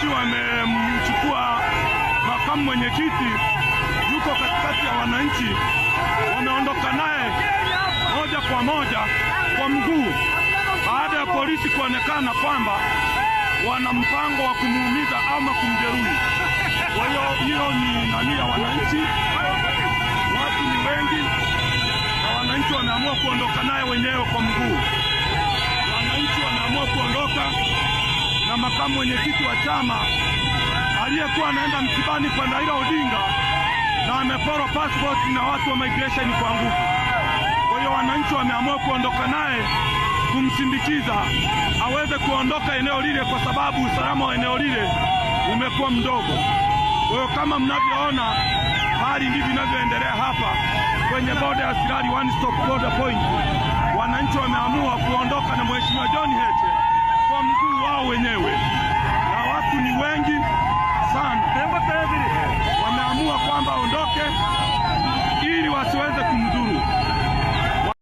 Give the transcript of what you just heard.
akiwa wamemchukua makamu mwenyekiti, yuko katikati ya wananchi, wameondoka naye moja kwa moja kwa mguu, baada ya polisi kuonekana kwamba wana mpango wa kumuumiza ama kumjeruhi. Kwa hiyo hiyo ni nani ya wananchi, watu ni wengi na wananchi wameamua kuondoka naye wenyewe kwa makamu mwenyekiti wa chama aliyekuwa anaenda msibani kwa Raila Odinga na ameporwa pasipoti na watu wa migration kwa nguvu. Kwa hiyo wananchi wameamua kuondoka naye kumsindikiza aweze kuondoka eneo lile, kwa sababu usalama wa eneo lile umekuwa mdogo. Kwa hiyo kama mnavyoona, hali ndivyo inavyoendelea hapa kwenye boda ya Sirari One Stop Border Point. Wananchi wameamua kuondoka na mheshimiwa John Heche sasa wameamua kwamba aondoke ili wasiweze